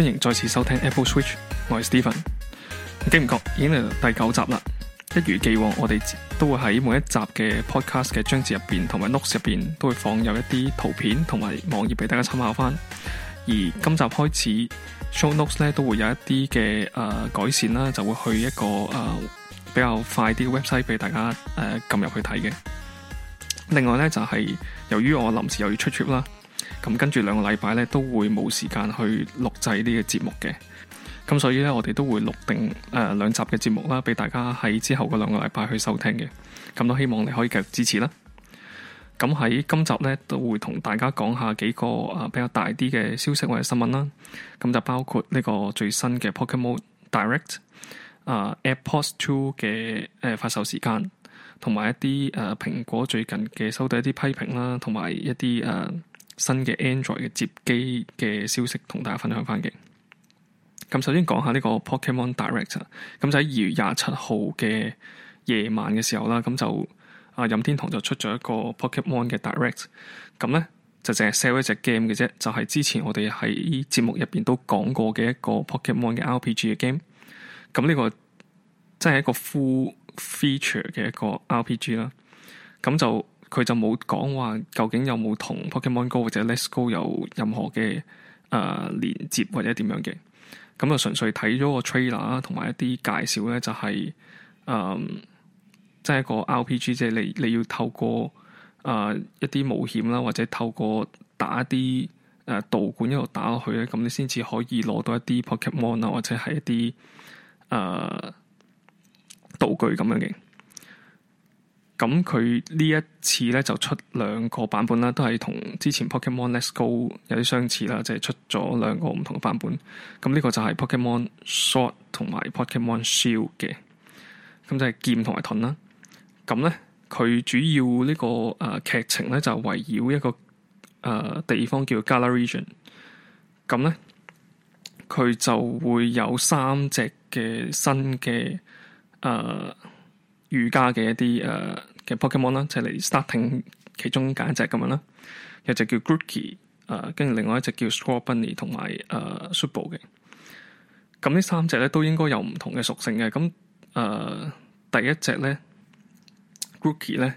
歡迎再次收聽 Apple Switch，我係 Stephen。唔經唔覺已經係第九集啦。一如既往，我哋都會喺每一集嘅 Podcast 嘅章節入邊同埋 Notes 入邊都會放入一啲圖片同埋網頁俾大家參考翻。而今集開始 Show Notes 咧，都會有一啲嘅誒改善啦，就會去一個誒、呃、比較快啲 website 俾大家誒撳入去睇嘅。另外呢，就係、是、由於我臨時又要出 trip 啦，咁跟住兩個禮拜呢都會冇時間去就係呢個節目嘅，咁所以呢，我哋都會錄定誒兩、呃、集嘅節目啦，俾大家喺之後嗰兩個禮拜去收聽嘅。咁都希望你可以繼續支持啦。咁喺今集呢，都會同大家講下幾個誒、呃、比較大啲嘅消息或者新聞啦。咁就包括呢個最新嘅 Pokémon Direct 啊、呃、AirPods Two 嘅誒發售時間，同埋一啲誒蘋果最近嘅收到一啲批評啦，同埋一啲誒。呃新嘅 Android 嘅接機嘅消息，同大家分享翻嘅。咁首先講下呢個 Pokemon Direct 啦。咁就喺二月廿七號嘅夜晚嘅時候啦，咁就啊任天堂就出咗一個 Pokemon 嘅 Direct。咁咧就淨係 sell 一隻 game 嘅啫，就係之前我哋喺節目入邊都講過嘅一個 Pokemon 嘅 RPG 嘅 game。咁呢個即係一個 full feature 嘅一個 RPG 啦。咁就。佢就冇講話究竟有冇同 Pokemon Go 或者 Let's Go 有任何嘅誒、呃、連接或者點樣嘅，咁就純粹睇咗個 trailer 同埋一啲介紹咧，就係誒即係一個 RPG，即係你你要透過誒、呃、一啲冒險啦，或者透過打啲誒、呃、道館一路打落去咧，咁你先至可以攞到一啲 Pokemon 啊，或者係一啲誒、呃、道具咁樣嘅。咁佢呢一次咧就出兩個版本啦，都係同之前 Pokémon Let's Go 有啲相似啦，即係出咗兩個唔同嘅版本。咁呢個就係 Pokémon Sword 同埋 Pokémon Shield 嘅，咁就係劍同埋盾啦。咁咧佢主要呢個誒劇情咧就圍繞一個誒地方叫 Galar Region。咁咧佢就會有三隻嘅新嘅誒瑜伽嘅一啲誒。呃 Pokémon 啦，就嚟 starting 其中揀一隻咁樣啦，有隻叫 Grookey，誒跟、呃、住另外一隻叫 Scorbunny 同埋誒 Sobble 嘅。咁、呃、呢三隻咧都應該有唔同嘅屬性嘅。咁誒、呃、第一隻咧 Grookey 咧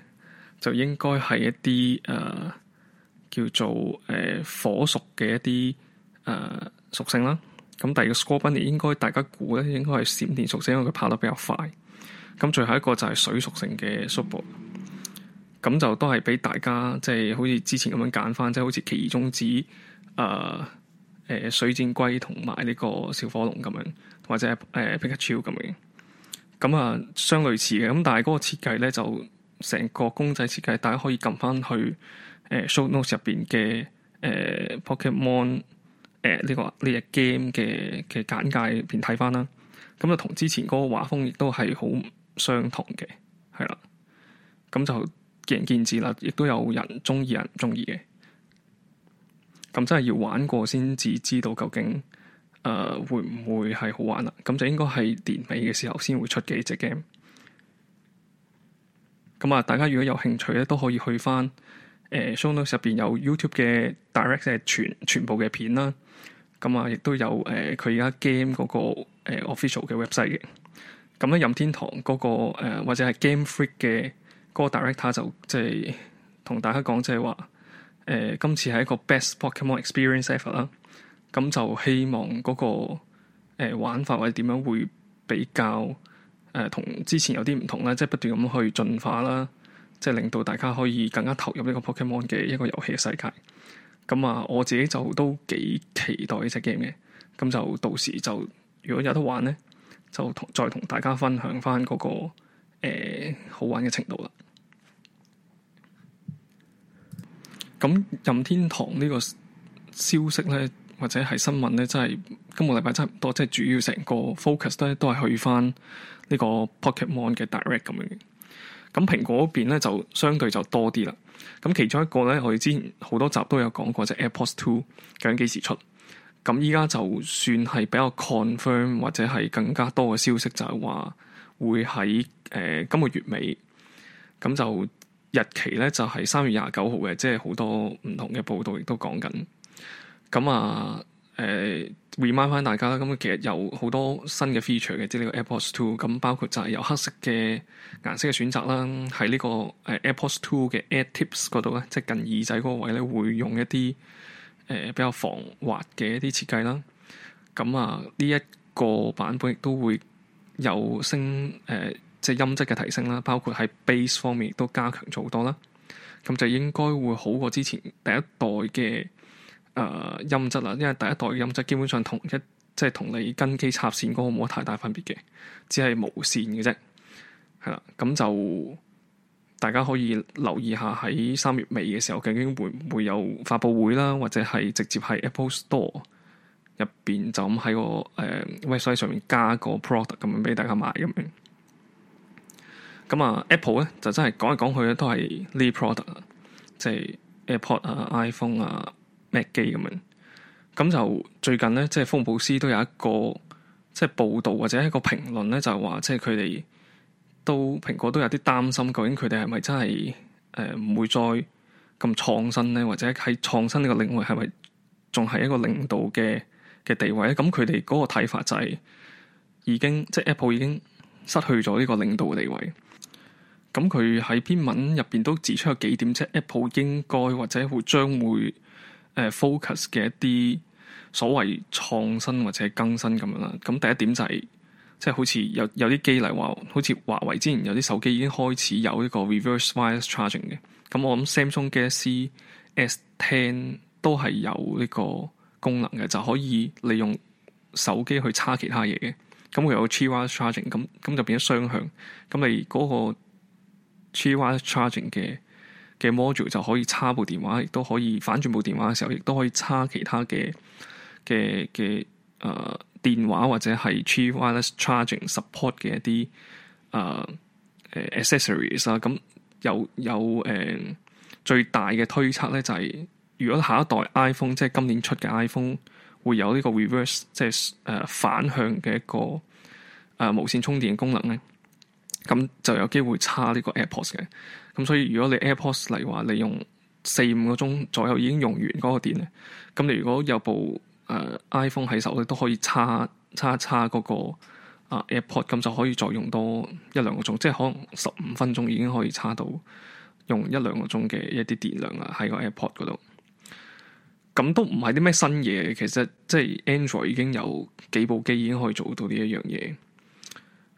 就應該係一啲誒、呃、叫做誒、呃、火屬嘅一啲誒、呃、屬性啦。咁、呃、第二個 Scorbunny 應該大家估咧應該係閃電屬性，因為佢跑得比較快。咁最後一個就係水屬性嘅 Sobble。咁就都係俾大家即係、就是、好似之前咁樣揀翻，即、就、係、是、好似奇異種子、誒、呃、誒、呃、水箭龜同埋呢個小火龍咁樣，或者 Big 誒、呃、皮卡丘咁嘅。咁啊，相類似嘅咁，但係嗰個設計咧，就成個公仔設計，大家可以撳翻去誒、呃、show notes 入邊嘅誒 Pokemon 誒、呃、呢、這個呢隻 game 嘅嘅簡介入邊睇翻啦。咁就同之前嗰個畫風亦都係好相同嘅，係啦，咁就。見仁見智啦，亦都有人中意，人唔中意嘅。咁真係要玩過先至知道究竟，誒、呃、會唔會係好玩啦？咁就應該係年尾嘅時候先會出幾隻 game。咁、這個、啊，大家如果有興趣咧，都可以去翻誒，Show Notes 入邊有 YouTube 嘅 Direct 嘅全全部嘅片啦。咁啊，亦都有誒，佢而家 game 嗰、那個誒、呃、official 嘅 website 嘅。咁咧、啊，任天堂嗰、那個誒、呃，或者係 Game Freak 嘅。個 director 就即係同大家講，即係話誒，今次係一個 best Pokemon experience ever 啦。咁就希望嗰個誒玩法或者點樣會比較誒同之前有啲唔同啦，即係不斷咁去進化啦，即係令到大家可以更加投入呢個 Pokemon 嘅一個遊戲嘅世界。咁啊，我自己就都幾期待呢隻 game 嘅。咁就到時就如果有得玩咧，就同再同大家分享翻嗰個誒好玩嘅程度啦。咁任天堂呢個消息咧，或者係新聞咧，真係今個禮拜差唔多，即係主要成個 focus 咧，都係去翻呢個 Pokémon 嘅 Direct 咁樣嘅。咁蘋果嗰邊咧就相對就多啲啦。咁其中一個咧，我哋之前好多集都有講過，就係、AirPods Two 究竟幾時出？咁依家就算係比較 confirm 或者係更加多嘅消息，就係、係、話會喺誒、呃、今個月尾，咁就。日期咧就係、是、三月廿九號嘅，即係好多唔同嘅報道亦都講緊。咁啊，誒，remind 返大家啦，咁其實有好多新嘅 feature 嘅，即係呢個 AirPods 2，咁包括就係有黑色嘅顏色嘅選擇啦，喺呢個誒 AirPods 2嘅 Air Tips 嗰度咧，即係近耳仔嗰個位咧，會用一啲誒、呃、比較防滑嘅一啲設計啦。咁啊，呢、這、一個版本亦都會有升誒。呃即係音質嘅提升啦，包括喺 bass 方面都加強咗好多啦。咁就應該會好過之前第一代嘅誒、呃、音質啦，因為第一代嘅音質基本上同一即係同你跟機插線嗰個冇太大分別嘅，只係無線嘅啫。係啦，咁就大家可以留意下喺三月尾嘅時候，究竟會唔會有發布會啦，或者係直接喺 Apple Store 入邊就咁喺個誒、呃、website 上面加個 product 咁樣俾大家買咁樣。咁啊，Apple 咧就真係講嚟講去咧，都係 lead product，即係 AirPod 啊、iPhone 啊、Mac 機咁樣。咁就最近咧，即係福布斯都有一個即係報道或者一個評論咧，就係話，即係佢哋都蘋果都有啲擔心，究竟佢哋係咪真係誒唔會再咁創新咧，或者喺創新呢個領域係咪仲係一個領導嘅嘅地位咧？咁佢哋嗰個睇法就係已經即係 Apple 已經失去咗呢個領導地位。咁佢喺篇文入邊，都指出有幾點，即 Apple 應該或者會將會誒 focus 嘅一啲所謂創新或者更新咁樣啦。咁第一點就係即係好似有有啲機例話好似華為之前有啲手機已經開始有呢個 reverse wireless charging 嘅。咁我諗 Samsung 嘅 S10 都係有呢個功能嘅，就可以利用手機去叉其他嘢嘅。咁會有個 reverse charging 咁，咁就變咗雙向咁你嗰個 Wireless charging 嘅嘅 module 就可以插部電話，亦都可以反轉部電話嘅時候，亦都可以插其他嘅嘅嘅誒電話或者係 wireless charging support 嘅一啲誒 accessories 啦。咁有有誒最大嘅推測咧，就係如果下一代 iPhone 即係今年出嘅 iPhone 會有呢個 reverse 即係誒反向嘅一個誒無線充電功能咧。咁就有機會叉呢個 AirPods 嘅，咁所以如果你 AirPods 嚟話，你用四五個鐘左右已經用完嗰個電咧，咁你如果有部誒、呃、iPhone 喺手，你都可以叉叉叉嗰個啊 AirPod，咁就可以再用多一兩個鐘，即係可能十五分鐘已經可以叉到用 1, 一兩個鐘嘅一啲電量啦，喺個 AirPod 嗰度。咁都唔係啲咩新嘢，其實即係 Android 已經有幾部機已經可以做到呢一樣嘢，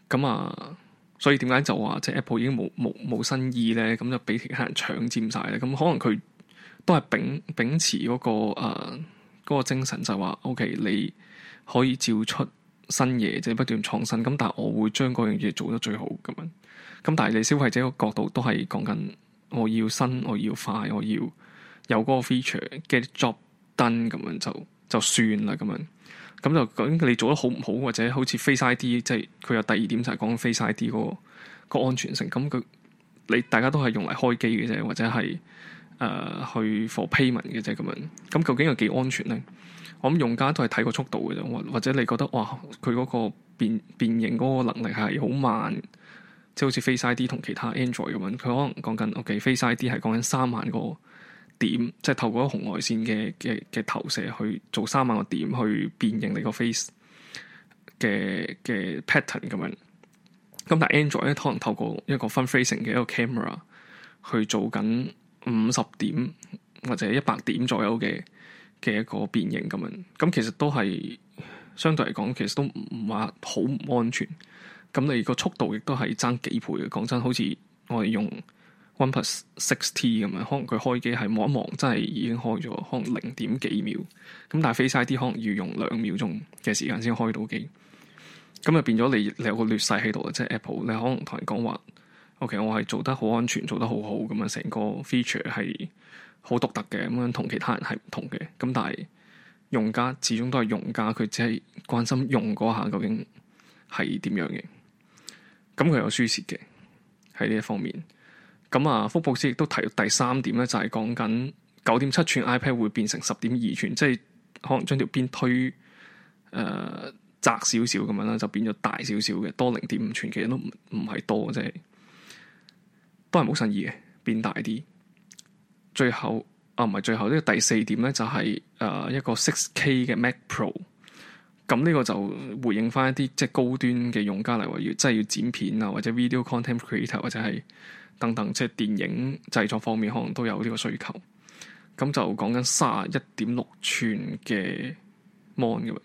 咁啊。所以點解就話即 Apple 已經冇冇冇新意咧？咁就畀其他人搶佔晒咧。咁可能佢都係秉，秉持嗰個誒嗰個精神，就話 O.K. 你可以照出新嘢，即係不斷創新。咁但係我會將嗰樣嘢做得最好咁樣。咁但係你消費者個角度都係講緊我要新，我要快，我要有嗰個 feature get job done 咁樣就就算啦咁樣。咁就究竟你做得好唔好，或者好似 Face ID，即係佢有第二點就係講 Face ID 嗰、那個安全性。咁佢你大家都係用嚟開機嘅啫，或者係誒、呃、去 for payment 嘅啫咁樣。咁究竟有幾安全咧？我諗用家都係睇個速度嘅啫，或或者你覺得哇，佢嗰個辨辨認嗰個能力係好慢，即、就、係、是、好似 Face ID 同其他 Android 咁樣。佢可能講緊，OK，Face ID 係講緊三萬個。點，即係透過個紅外線嘅嘅嘅投射去做三萬個點去辨認你個 face 嘅嘅 pattern 咁樣。咁但係 Android 咧，可能透過一個 front facing 嘅一個 camera 去做緊五十點或者一百點左右嘅嘅一個辨認咁樣。咁其實都係相對嚟講，其實都唔話好唔安全。咁你個速度亦都係爭幾倍嘅。講真，好似我哋用。OnePlus 6T 咁啊，可能佢開機係望一望，真係已經開咗，可能零點幾秒咁。但係 Face ID 可能要用兩秒鐘嘅時間先開到機，咁啊，變咗你你有個劣勢喺度，即係 Apple，你可能同人講話，OK，我係做得好安全，做得好好咁啊，成個 feature 係好獨特嘅，咁樣同其他人係唔同嘅。咁但係用家始終都係用家，佢只係關心用嗰下究竟係點樣嘅，咁佢有輸蝕嘅喺呢一方面。咁啊，福布斯亦都提到第三點咧，就係、是、講緊九點七寸 iPad 會變成十點二寸，即係可能將條邊推、呃、窄少少咁樣啦，就變咗大少少嘅，多零點五寸，其實都唔係多，即係都係冇新意嘅變大啲。最後啊，唔係最後呢、這個第四點咧，就係、是、誒、呃、一個 Six K 嘅 Mac Pro。咁呢個就回應翻一啲即係高端嘅用家嚟，話要即係要剪片啊，或者 video content creator 或者係。等等，即係電影製作方面，可能都有呢個需求。咁就講緊卅一點六寸嘅 mon 咁，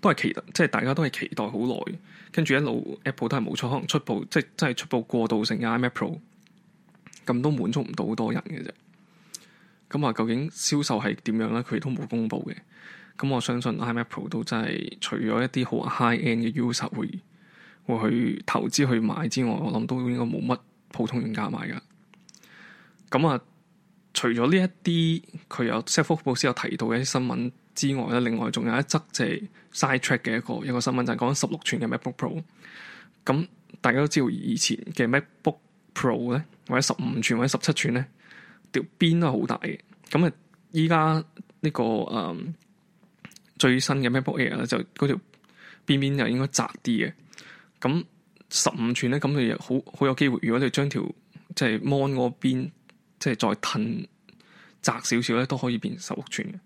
都係期待。即係大家都係期待好耐。跟住一路 Apple 都係冇錯，可能出部即係即係出部過渡性嘅 iMac Pro，咁都滿足唔到好多人嘅啫。咁啊，究竟銷售係點樣咧？佢都冇公布嘅。咁我相信 iMac Pro 都真係除咗一啲好 high end 嘅 user 會，會去投資去買之外，我諗都應該冇乜普通玩家買噶。咁、嗯、啊，除咗呢一啲佢有 set 福布斯有提到嘅一啲新聞之外咧，these, 另外仲有一則就係 side track 嘅一個一個新聞，就係、是、講十六寸嘅 MacBook Pro。咁、嗯、大家都知道，以前嘅 MacBook Pro 咧，或者十五寸或者十七寸咧，條邊都係好大嘅。咁、嗯、啊，依家呢個誒、嗯、最新嘅 MacBook Air 咧，就嗰條邊邊就應該窄啲嘅。咁十五寸咧，咁你好好有機會。如果你將條即係 mon 嗰邊，即係再褪窄少少咧，都可以變十六寸嘅。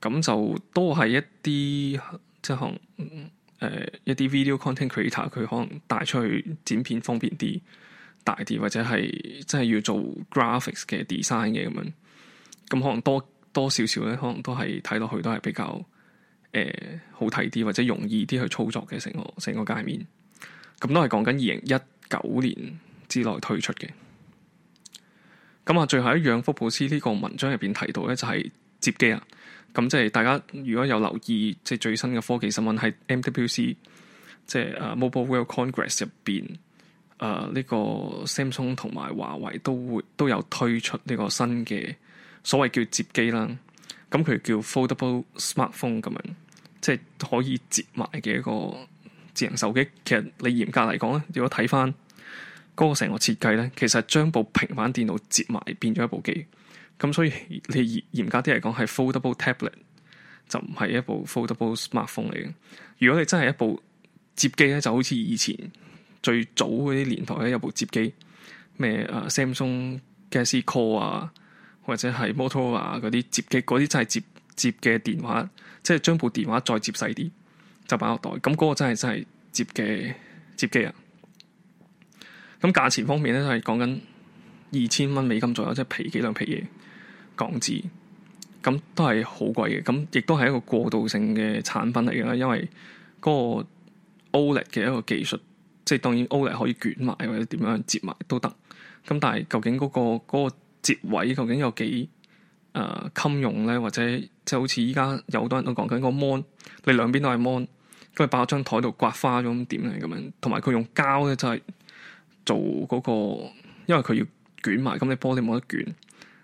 咁就都係一啲即係可能誒、呃、一啲 video content creator 佢可能帶出去剪片方便啲大啲，或者係真係要做 graphics 嘅 design 嘅咁樣，咁可能多多少少咧，可能都係睇落去都係比較誒、呃、好睇啲，或者容易啲去操作嘅成個成個界面。咁都係講緊二零一九年之內推出嘅。咁啊，最後一樣，福布斯呢個文章入邊提到咧，就係摺機啊。咁即係大家如果有留意，即係最新嘅科技新聞，喺 MWC，即係誒 Mobile World Congress 入邊，誒呢個 Samsung 同埋華為都會都有推出呢個新嘅所謂叫摺機啦。咁佢叫 Foldable Smartphone 咁樣，即係可以摺埋嘅一個。智能手機其實你嚴格嚟講咧，如果睇翻嗰個成個設計咧，其實將部平板電腦折埋變咗一部機，咁所以你嚴嚴格啲嚟講係 foldable tablet，就唔係一部 foldable smartphone 嚟嘅。如果你真係一部摺機咧，就好似以前最早嗰啲年代咧有部摺機，咩誒 Samsung Galaxy Core 啊，或者係 Motorola 嗰、啊、啲摺機，嗰啲真係摺摺嘅電話，即係將部電話再摺細啲。就把個袋，咁嗰個真係真係折，折機折機啊！咁價錢方面咧，都係講緊二千蚊美金左右，即係皮幾兩皮嘢港紙，咁都係好貴嘅。咁亦都係一個過渡性嘅產品嚟嘅啦，因為嗰個 OLED 嘅一個技術，即係當然 OLED 可以捲埋或者點樣折埋都得。咁但係究竟嗰個嗰個折位究竟有幾誒襟用咧？或者即係好似依家有好多人都講緊個 mon，你兩邊都係 mon。佢係爆喺張台度刮花咗咁點嚟咁樣，同埋佢用膠咧就係做嗰個，因為佢要捲埋咁，你玻璃冇得捲，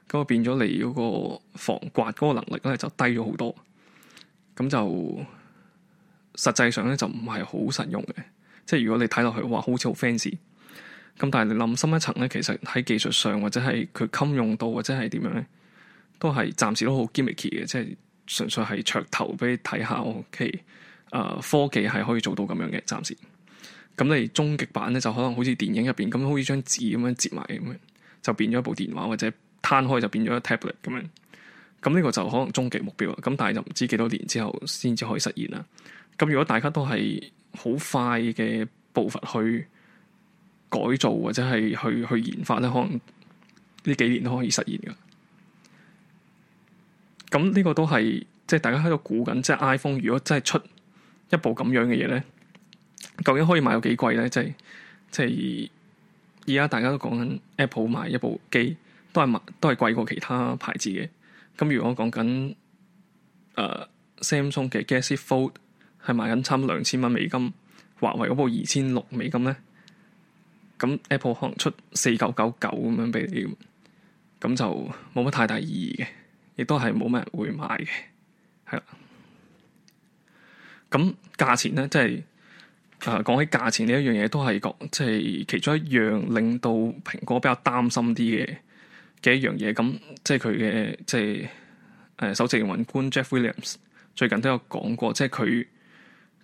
咁變咗你嗰個防刮嗰個能力咧就低咗好多。咁就實際上咧就唔係好實用嘅，即係如果你睇落去哇，好似好 fancy，咁但係你諗深一層咧，其實喺技術上或者係佢襟用到，或者係點樣咧，都係暫時都好 gimmicky 嘅，即係純粹係噱頭俾你睇下。ok。呃、科技係可以做到咁樣嘅，暫時。咁你終極版咧，就可能好似電影入邊咁，好似張紙咁樣折埋咁樣，就變咗一部電話，或者攤開就變咗一 tablet 咁樣。咁呢個就可能終極目標啊！咁但係就唔知幾多年之後先至可以實現啦。咁如果大家都係好快嘅步伐去改造或者係去去研發咧，可能呢幾年都可以實現㗎。咁呢個都係即係大家喺度估緊，即係 iPhone 如果真係出。一部咁樣嘅嘢咧，究竟可以賣到幾貴咧？即係即係而家大家都講緊 Apple 賣一部機，都係賣都係貴過其他牌子嘅。咁如果我講緊誒 Samsung 嘅 Galaxy Fold 係賣緊差唔多兩千蚊美金，華為嗰部二千六美金咧，咁 Apple 可能出四九九九咁樣俾你，咁就冇乜太大意義嘅，亦都係冇乜人會買嘅，係啦。咁價錢呢，即係啊、呃，講起價錢呢一樣嘢，都係講即係其中一樣令到蘋果比較擔心啲嘅嘅一樣嘢。咁即係佢嘅即係誒首席營運官 Jeff Williams 最近都有講過，即係佢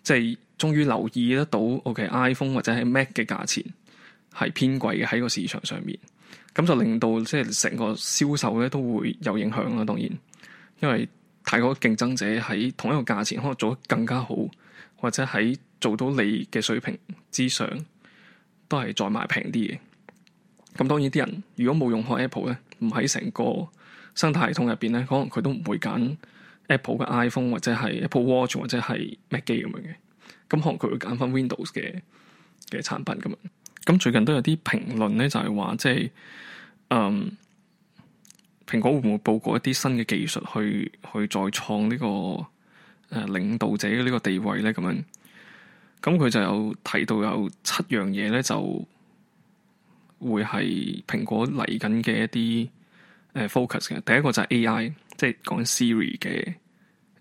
即係終於留意得到，OK iPhone 或者係 Mac 嘅價錢係偏貴嘅喺個市場上面。咁就令到即係成個銷售咧都會有影響啦。當然，因為係個競爭者喺同一個價錢，可能做得更加好，或者喺做到你嘅水平之上，都係再賣平啲嘅。咁當然啲人如果冇用開 Apple 咧，唔喺成個生態系統入邊咧，可能佢都唔會揀 Apple 嘅 iPhone 或者係 Apple Watch 或者係 Mac 機咁樣嘅。咁可能佢會揀翻 Windows 嘅嘅產品咁啊。咁最近都有啲評論咧，就係話即係，誒、嗯。蘋果會唔會報過一啲新嘅技術去去再創呢個誒領導者嘅呢個地位咧？咁樣，咁佢就有提到有七樣嘢咧，就會係蘋果嚟緊嘅一啲誒、呃、focus 嘅。第一個就係 AI，即係講 Siri 嘅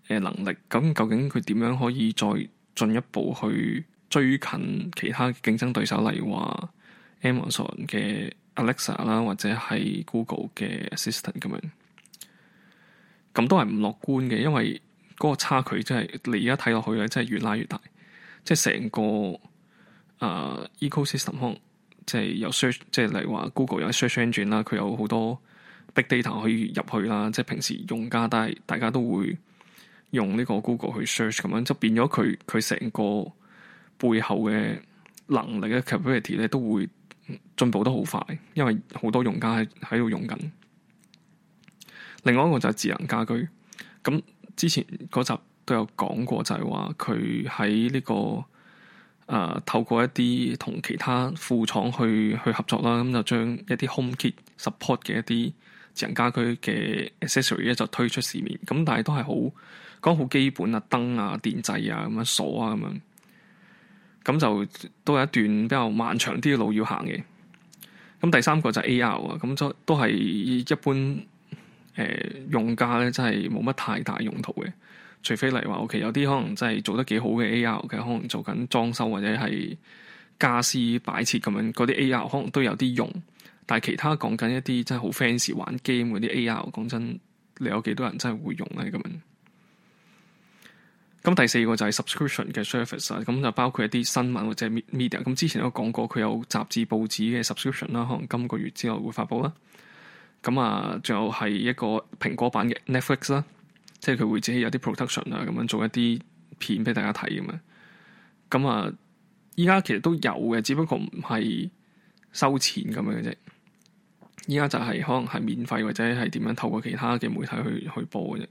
誒能力。咁究竟佢點樣可以再進一步去追近其他競爭對手？例如話 Amazon 嘅。Alexa 啦，或者係 Google 嘅 Assistant 咁樣，咁都係唔樂觀嘅，因為嗰個差距，就是，真係你而家睇落去咧，真係越拉越大，即係成個啊、uh, ecosystem 可能，即係有 search，即係例如話 Google 有 search engine 啦，佢有好多 big data 可以入去啦，即、就、係、是、平時用家但係大家都會用呢個 Google 去 search 咁樣，就變咗佢佢成個背後嘅能力嘅 capability 咧都會。進步得好快，因為好多用家喺喺度用緊。另外一個就係智能家居，咁之前嗰集都有講過就，就係話佢喺呢個誒、呃、透過一啲同其他副廠去去合作啦，咁就將一啲 HomeKit support 嘅一啲智能家居嘅 accessory 咧就推出市面。咁但係都係好，講好基本啊燈啊電掣啊咁樣，鎖啊咁樣，咁就都係一段比較漫長啲嘅路要行嘅。咁第三個就係 AR 啊，咁都都係一般，誒、呃、用家咧真係冇乜太大用途嘅，除非嚟話我其實有啲可能真係做得幾好嘅 AR 嘅，可能做緊裝修或者係家私擺設咁樣嗰啲 AR 可能都有啲用，但係其他講緊一啲真係好 fans 玩 game 嗰啲 AR 講真，你有幾多人真係會用咧咁樣？咁第四個就係 subscription 嘅 service 啊，咁就包括一啲新聞或者 media。咁之前都講過，佢有雜誌報紙嘅 subscription 啦，可能今個月之後會發佈啦。咁啊，仲有係一個蘋果版嘅 Netflix 啦，即係佢會自己有啲 production 啊，咁樣做一啲片俾大家睇咁啊。咁啊，依家其實都有嘅，只不過唔係收錢咁樣嘅啫。依家就係可能係免費或者係點樣透過其他嘅媒體去去播嘅啫。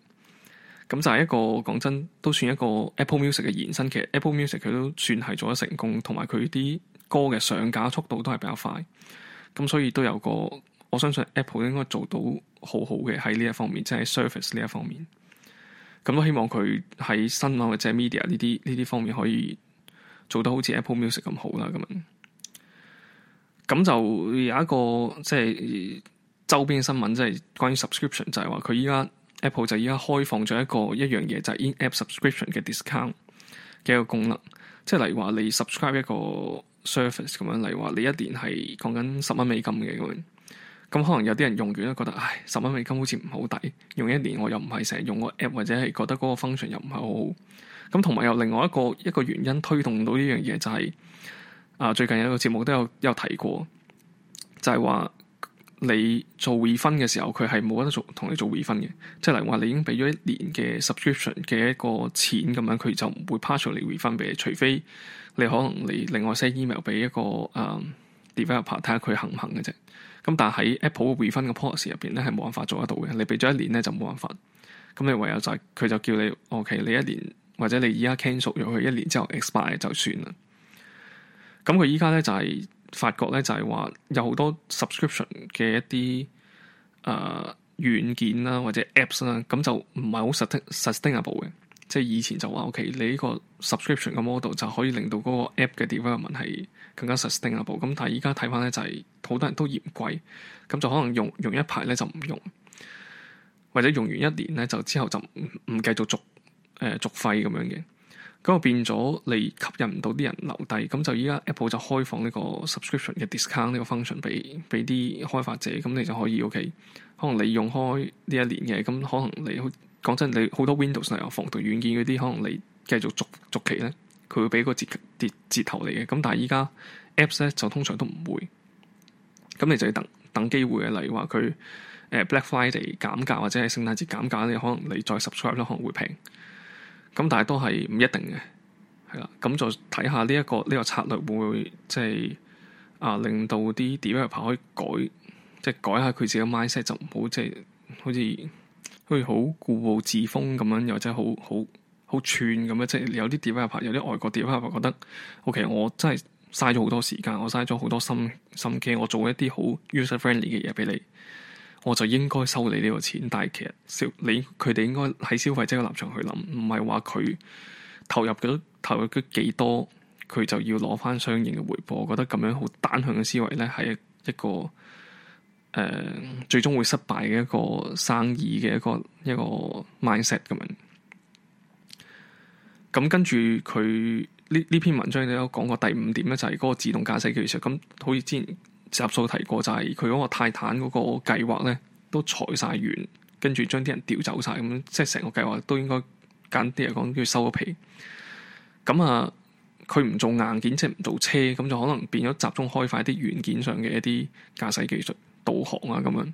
咁就係一個，講真，都算一個 Apple Music 嘅延伸。其實 Apple Music 佢都算係做得成功，同埋佢啲歌嘅上架速度都係比較快。咁所以都有個，我相信 Apple 應該做到好好嘅喺呢一方面，即係 service 呢一方面。咁都希望佢喺新浪或者 media 呢啲呢啲方面可以做到好似 Apple Music 咁好啦。咁樣，咁就有一個即係周邊新聞，即係關於 subscription 就係話佢依家。Apple 就依家開放咗一個一樣嘢，就係 in-app subscription 嘅 discount 嘅一個功能。即係例如話，你 subscribe 一個 service 咁樣，例如話你一年係講緊十蚊美金嘅咁。咁可能有啲人用完都覺得，唉，十蚊美金好似唔好抵，用一年我又唔係成日用個 app，或者係覺得嗰個 function 又唔係好好。咁同埋有另外一個一個原因推動到呢樣嘢，就係啊最近有一個節目都有有提過，就係話。你做 refund 嘅時候，佢係冇得做同你做 refund 嘅。即係例如話，你已經畀咗一年嘅 subscription 嘅一個錢咁樣，佢就唔會 partially refund 俾你。除非你可能你另外 send email 畀一個、uh, developer 睇下佢肯唔肯嘅啫。咁但係喺 Apple refund 嘅 policy 入邊咧，係冇辦法做得到嘅。你畀咗一年咧就冇辦法。咁你唯有就係佢就叫你，OK，你一年或者你而家 cancel 咗佢，一年之後 expire 就算啦。咁佢依家咧就係、是。發覺咧就係話有好多 subscription 嘅一啲誒、呃、軟件啦或者 apps 啦，咁就唔係好 sustainable 嘅。即係以前就話 OK，你呢個 subscription 嘅 model 就可以令到嗰個 app 嘅 development 係更加 sustainable。咁但係而家睇翻咧就係好多人都嫌貴，咁就可能用用一排咧就唔用，或者用完一年咧就之後就唔繼續續誒、呃、續費咁樣嘅。咁變咗，你吸引唔到啲人留低，咁就依家 Apple 就開放呢個 subscription 嘅 discount 呢個 function 俾俾啲開發者，咁你就可以 OK。可能你用開呢一年嘅，咁可能你講真，你好多 Windows 嚟啊防毒軟件嗰啲，可能你繼續續續期咧，佢會俾個折折頭嚟嘅。咁但係依家 Apps 咧就通常都唔會，咁你就要等等機會嘅。例如話佢誒 Black Friday 減價，或者係聖誕節減價，你可能你再 subscribe 咧可能會平。咁但係都係唔一定嘅，係啦。咁就睇下呢一個呢個策略會唔會即係啊，令到啲 developer 可以改，即係改下佢自己嘅 mindset，就唔好即係好似好似好固步自封咁樣，又或者好好好串咁啊！即係有啲 developer，有啲外國 developer，覺得 OK 我真係嘥咗好多時間，我嘥咗好多心心機，我做一啲好 user-friendly 嘅嘢俾你。我就應該收你呢個錢，但係其實你佢哋應該喺消費者嘅立場去諗，唔係話佢投入咗投入咗幾多，佢就要攞翻相應嘅回報。我覺得咁樣好單向嘅思維咧，係一個誒、呃、最終會失敗嘅一個生意嘅一個一個 mindset 咁樣。咁跟住佢呢呢篇文章你有講過第五點咧，就係嗰個自動駕駛技術。咁好似之前集數提過就係佢嗰個泰坦嗰個計劃咧，都裁晒完，完，跟住將啲人調走晒。咁，即係成個計劃都應該簡啲嚟講，都收個皮。咁啊，佢唔做硬件，即係唔做車，咁就可能變咗集中開發啲軟件上嘅一啲駕駛技術、導航啊咁樣。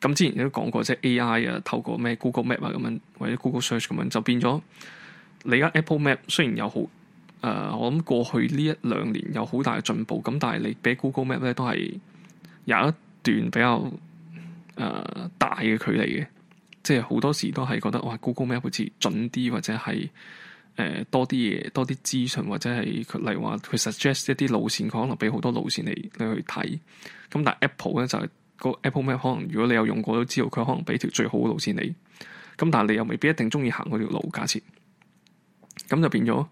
咁之前都講過，即係 AI 啊，透過咩 Google Map 啊咁樣，或者 Google Search 咁、啊、樣，就變咗你而家 Apple Map 雖然有好。誒、呃，我諗過去呢一兩年有好大嘅進步，咁但係你比 Google Map 咧都係有一段比較誒、呃、大嘅距離嘅，即係好多時都係覺得哇，Google Map 好似準啲，或者係誒多啲嘢、多啲資訊，或者係佢例如話佢 suggest 一啲路線，佢可能俾好多路線你你去睇。咁但係 Apple 咧就係、是、個 Apple Map 可能如果你有用過都知道，佢可能俾條最好嘅路線你。咁但係你又未必一定鍾意行嗰條路，假設咁就變咗。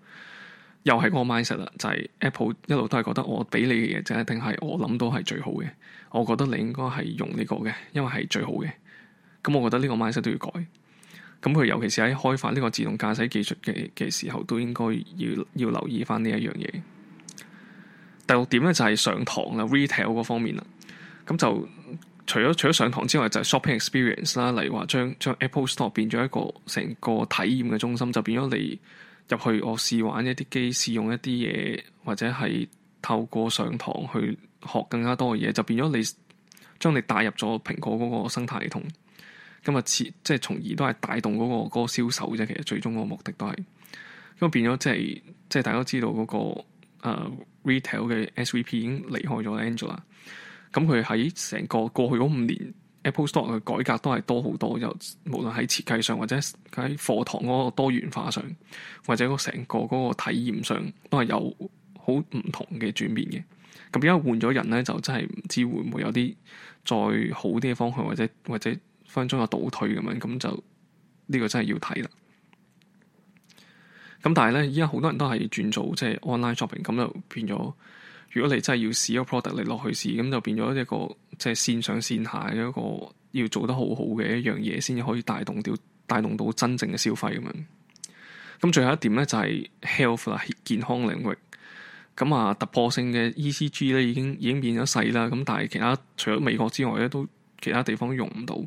又係個 mindset 啦，就係、是、Apple 一路都係覺得我俾你嘅嘢就一定係我諗到係最好嘅，我覺得你應該係用呢個嘅，因為係最好嘅。咁我覺得呢個 mindset 都要改。咁佢尤其是喺開發呢個自動駕駛技術嘅嘅時候，都應該要要留意翻呢一樣嘢。第六點咧就係、是、上堂啦，retail 嗰方面啦。咁就除咗除咗上堂之外，就係、是、shopping experience 啦，例如話將將 Apple Store 變咗一個成個體驗嘅中心，就變咗你。入去我試玩一啲機，試用一啲嘢，或者係透過上堂去學更加多嘅嘢，就變咗你將你帶入咗蘋果嗰個生態系統。咁啊，切即係從而都係帶動嗰個嗰個銷售啫。其實最終個目的都係咁變咗，即係即係大家都知道嗰個誒 retail 嘅 SVP 已經離開咗 Angela。咁佢喺成個過去嗰五年。Apple Store 嘅改革都係多好多，又無論喺設計上或者喺課堂嗰個多元化上，或者個成個嗰個體驗上，都係有好唔同嘅轉變嘅。咁而家換咗人咧，就真係唔知會唔會有啲再好啲嘅方向，或者或者分分鐘有倒退咁樣，咁就呢個真係要睇啦。咁但係咧，依家好多人都係轉做即係 online shopping，咁就變咗。如果你真係要試，product, 試一個 product，你落去試，咁就變咗一個即係線上線下嘅一,一個要做得好好嘅一樣嘢，先至可以帶動到帶動到真正嘅消費咁樣。咁最後一點咧就係、是、health 啦，健康領域。咁啊，突破性嘅 ECG 咧已經已經變咗細啦。咁但係其他除咗美國之外咧，都其他地方用唔到。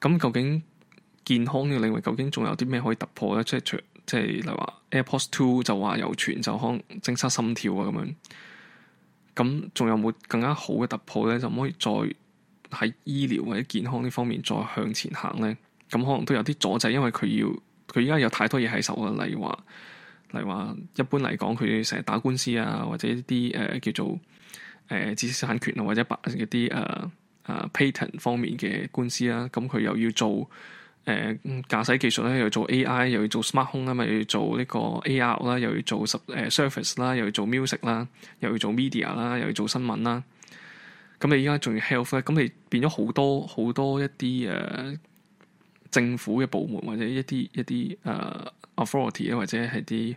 咁究竟健康嘅個領域究竟仲有啲咩可以突破咧？即係除即係例如話 AirPods Two 就話有傳就可能偵測心跳啊咁樣。咁仲有冇更加好嘅突破咧？就唔可以再喺醫療或者健康呢方面再向前行咧？咁可能都有啲阻滯，因為佢要佢而家有太多嘢喺手啦，例如話，例如話一般嚟講，佢成日打官司啊，或者一啲誒、呃、叫做誒、呃、知識產權啊，或者白一啲誒誒、呃呃、patent 方面嘅官司啦，咁佢又要做。誒、呃、駕駛技術咧，又要做 A.I.，又要做 smart home 啦，咪又要做呢個 A.R. 啦，又要做十 surface 啦，uh, service, 又要做 music 啦，又要做 media 啦，又要做新聞啦。咁你而家仲要 health 咧，咁你變咗好多好多一啲誒、uh, 政府嘅部門或者一啲一啲誒、uh, authority 咧，或者係啲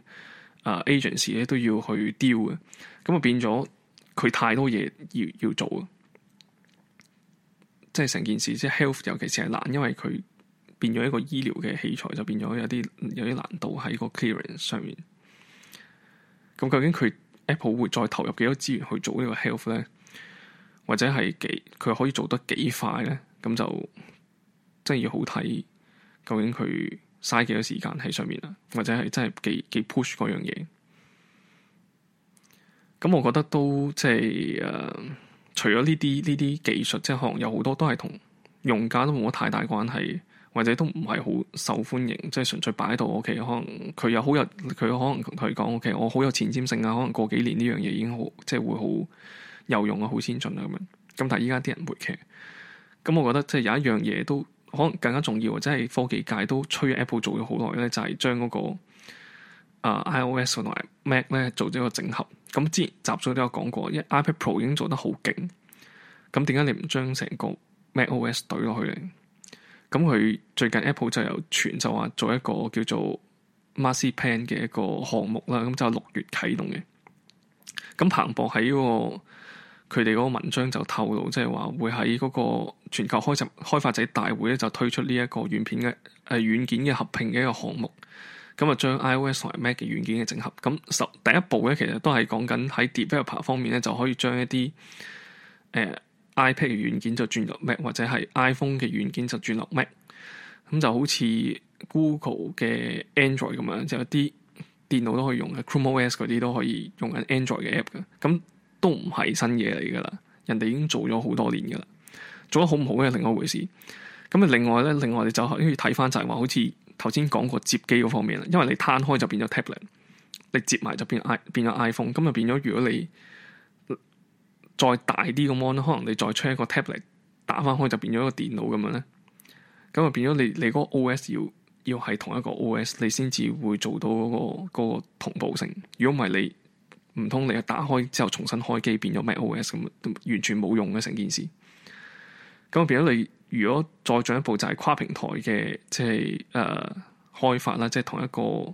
誒 agency 咧，都要去 deal 嘅。咁啊變咗佢太多嘢要要做，即係成件事即係 health，尤其是係難，因為佢。變咗一個醫療嘅器材，就變咗有啲有啲難度喺個 clearance 上面。咁究竟佢 Apple 會再投入幾多資源去做呢個 health 呢？或者係幾佢可以做得幾快呢？咁就真係要好睇究竟佢嘥幾多時間喺上面啦，或者係真係幾幾 push 嗰樣嘢。咁我覺得都即係、就是呃、除咗呢啲呢啲技術，即係可能有好多都係同用家都冇乜太大關係。或者都唔係好受歡迎，即係純粹擺喺度 O.K.，可能佢有好有佢可能同佢講 O.K.，我好有前瞻性啊，可能過幾年呢樣嘢已經好，即係會好有用啊，好先進啊咁樣。咁但係依家啲人回劇，咁我覺得即係有一樣嘢都可能更加重要，即係科技界都催 Apple 做咗好耐咧，就係將嗰個、呃、iOS 同埋 Mac 咧做咗個整合。咁之前集數都有講過，因為 iPad Pro 已經做得好勁，咁點解你唔將成個 MacOS 懟落去咧？咁佢最近 Apple 就有傳就話做一個叫做 Marzipan 嘅一個項目啦，咁就六月啟動嘅。咁彭博喺、嗰個佢哋嗰個文章就透露，即係話會喺嗰個全球開集開發者大會咧，就推出呢、呃、一個軟片嘅誒軟件嘅合併嘅一個項目，咁啊將 iOS 同 Mac 嘅軟件嘅整合。咁十第一步咧，其實都係講緊喺 developer 方面咧，就可以將一啲誒。呃 iPad 嘅軟件就轉入 Mac，或者係 iPhone 嘅軟件就轉落 Mac，咁就好似 Google 嘅 Android 咁樣，就有啲電腦都可以用嘅 Chrome OS 嗰啲都可以用緊 Android 嘅 app 嘅，咁都唔係新嘢嚟噶啦，人哋已經做咗好多年噶啦，做得好唔好嘅另外一回事。咁啊，另外咧，另外你就可以睇翻就係話，好似頭先講過摺機嗰方面啦，因為你攤開就變咗 tablet，你摺埋就變 i 變咗 iPhone，咁就變咗如果你，再大啲 Mon，可能你再出一個 tablet 打翻開就變咗一個電腦咁樣咧，咁就變咗你你嗰個 OS 要要係同一個 OS，你先至會做到嗰個嗰個同步性。如果唔係你唔通，你一打開之後重新開機，變咗咩 OS 咁，都完全冇用嘅成件事。咁變咗你如果再進一步就係跨平台嘅，即係誒開發啦，即係同一個。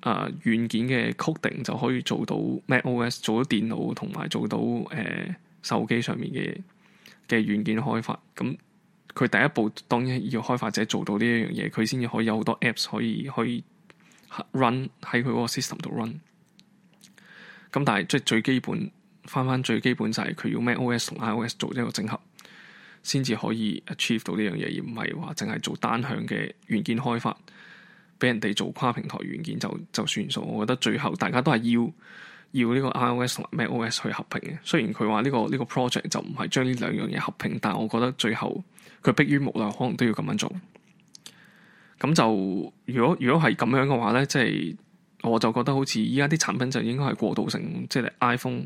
啊，軟、uh，件嘅 coding 就可以做到 MacOS，做到電腦同埋做到誒、呃、手機上面嘅嘅軟件開發。咁佢第一步當然要開發者做到呢一樣嘢,佢先至可以有好多 Apps 可以可以 run 喺佢個 system 度 run。咁但係即係最基本，翻翻最基本就係、是、佢要 MacOS 同 iOS 做一個整合，先至可以 achieve 到呢樣嘢，而唔係話淨係做單向嘅軟件開發。俾人哋做跨平台軟件就就算數，我覺得最後大家都係要要呢個 iOS 同埋 MacOS 去合併嘅。雖然佢話呢個呢個 project 就唔係將呢兩樣嘢合併，但我覺得最後佢迫於無奈，可能都要咁樣做。咁就如果如果係咁樣嘅話呢，即係我就覺得好似依家啲產品就應該係過渡性，即係 iPhone、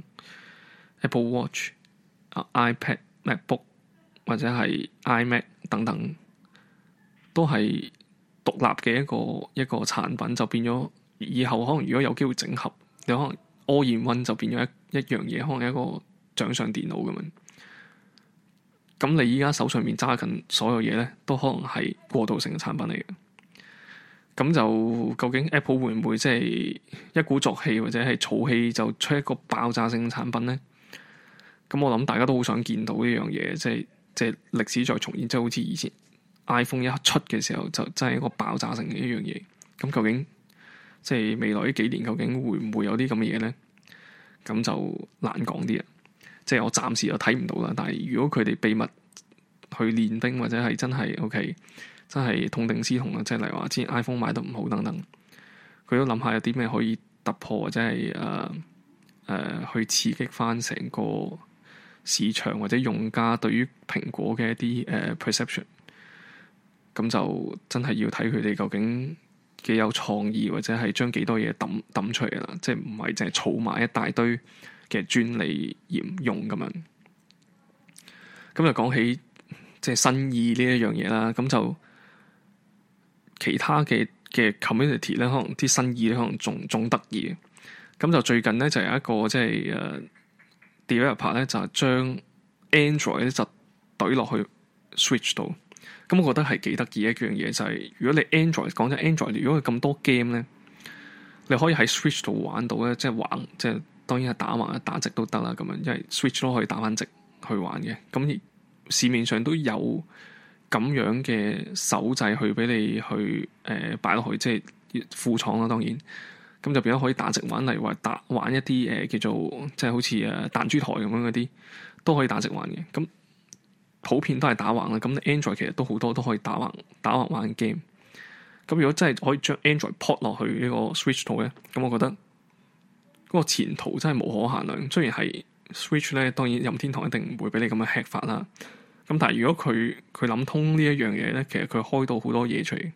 Apple Watch、iPad、MacBook 或者係 iMac 等等都係。獨立嘅一個一個產品就變咗，以後可能如果有機會整合，你可能 all in one 就變咗一一樣嘢，可能一個掌上電腦咁樣。咁你依家手上面揸緊所有嘢咧，都可能係過渡性嘅產品嚟嘅。咁就究竟 Apple 會唔會即係一鼓作氣，或者係儲氣就出一個爆炸性產品咧？咁我諗大家都好想見到一樣嘢，即係即係歷史再重現，即係好似以前。1 iPhone 一出嘅時候就真係一個爆炸性嘅一樣嘢。咁究竟即係、就是、未來呢幾年，究竟會唔會有啲咁嘅嘢咧？咁就難講啲啊。即係我暫時又睇唔到啦。但係如果佢哋秘密去練兵，或者係真係 OK，真係痛定思痛啊。即、就、係、是、例如話之前 iPhone 賣得唔好等等，佢都諗下有啲咩可以突破，即係誒誒去刺激翻成個市場或者用家對於蘋果嘅一啲誒、uh, perception。咁就真係要睇佢哋究竟幾有創意，或者係將幾多嘢抌抌出嚟啦，即係唔係淨係儲埋一大堆嘅專利而唔用咁樣。咁就講起即係新意呢一樣嘢啦，咁就其他嘅嘅 community 咧，可能啲新意咧，可能仲仲得意嘅。咁就最近咧就有一個即係誒、uh, developer 咧，就係、是、將 Android 呢就懟落去 Switch 度。咁我覺得係幾得意，嘅一樣嘢就係如果你 Android 講真 Android，如果佢咁多 game 咧，你可以喺 Switch 度玩到咧，即係玩，即係當然係打橫打直都得啦，咁樣因為 Switch 都可以打翻直去玩嘅。咁而市面上都有咁樣嘅手掣去俾你去誒擺落去，即係副廠啦，當然咁就變咗可以打直玩，例如話打玩一啲誒、呃、叫做即係好似誒彈珠台咁樣嗰啲都可以打直玩嘅。咁。普遍都係打橫啦，咁 Android 其實都好多都可以打橫打橫玩 game。咁如果真係可以將 Android port r 落去、這個、呢個 Switch 度咧，咁我覺得嗰個前途真係無可限量。雖然係 Switch 咧，當然任天堂一定唔會俾你咁樣吃法啦。咁但係如果佢佢諗通呢一樣嘢咧，其實佢開到好多嘢出嚟，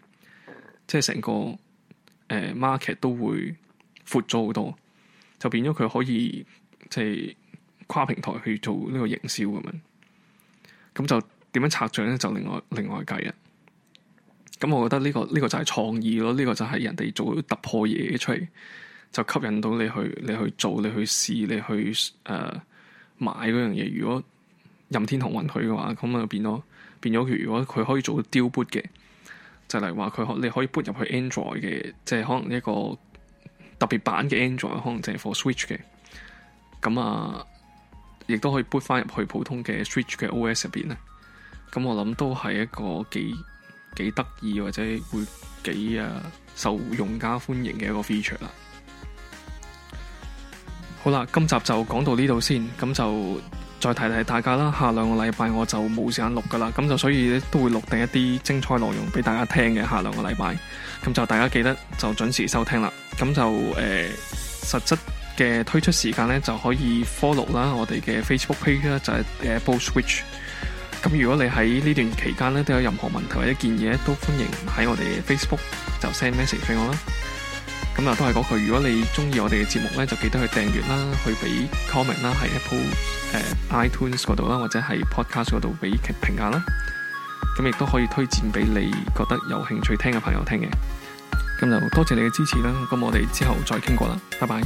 即係成個誒、呃、market 都會闊咗好多，就變咗佢可以即係、就是、跨平台去做呢個營銷咁樣。咁就點樣拆帳咧？就另外另外計啦。咁我覺得呢、這個呢、這個就係創意咯。呢、這個就係人哋做突破嘢出嚟，就吸引到你去你去做你去試你去誒、呃、買嗰樣嘢。如果任天堂允許嘅話，咁啊變咗變咗。如果佢可以做到 Dual Boot 嘅，就係話佢可你可以 boot 入去 Android 嘅，即、就、係、是、可能一個特別版嘅 Android，可能即係 For Switch 嘅。咁啊～亦都可以撥翻入去普通嘅 Switch 嘅 OS 入邊咧，咁我諗都係一個幾幾得意或者會幾啊受用家歡迎嘅一個 feature 啦。好啦，今集就講到呢度先，咁就再提提大家啦。下兩個禮拜我就冇時間錄噶啦，咁就所以都會錄定一啲精彩內容俾大家聽嘅。下兩個禮拜，咁就大家記得就準時收聽啦。咁就誒、呃，實質嘅推出時間咧，就可以 follow 啦。我哋嘅 Facebook page 咧就係、是、誒 Apple Switch。咁如果你喺呢段期間咧都有任何問題或者建議咧，都歡迎喺我哋嘅 Facebook 就 send message 俾我啦。咁又都係嗰句。如果你中意我哋嘅節目咧，就記得去訂閱啦，去俾 comment 啦，喺 Apple 誒、uh, iTunes 度啦，或者係 Podcast 度俾評價啦。咁亦都可以推薦俾你覺得有興趣聽嘅朋友聽嘅。咁就多謝你嘅支持啦。咁我哋之後再傾過啦。拜拜。